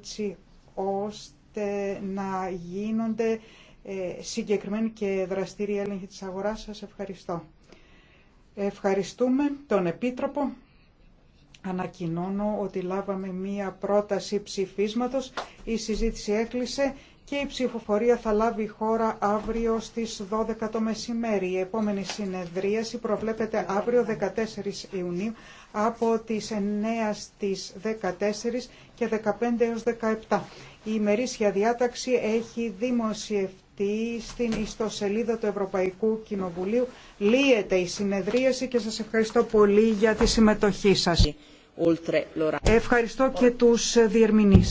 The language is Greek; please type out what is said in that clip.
έτσι ώστε να γίνονται ε, συγκεκριμένοι και δραστήριοι έλεγχοι της αγοράς. Σας ευχαριστώ. Ευχαριστούμε τον Επίτροπο. Ανακοινώνω ότι λάβαμε μία πρόταση ψηφίσματος. Η συζήτηση έκλεισε και η ψηφοφορία θα λάβει χώρα αύριο στις 12 το μεσημέρι. Η επόμενη συνεδρίαση προβλέπεται αύριο 14 Ιουνίου από τις 9 στις 14 και 15 έως 17. Η ημερήσια διάταξη έχει δημοσιευτεί στην ιστοσελίδα του Ευρωπαϊκού Κοινοβουλίου. Λύεται η συνεδρίαση και σας ευχαριστώ πολύ για τη συμμετοχή σας. Ευχαριστώ και τους διερμηνείς.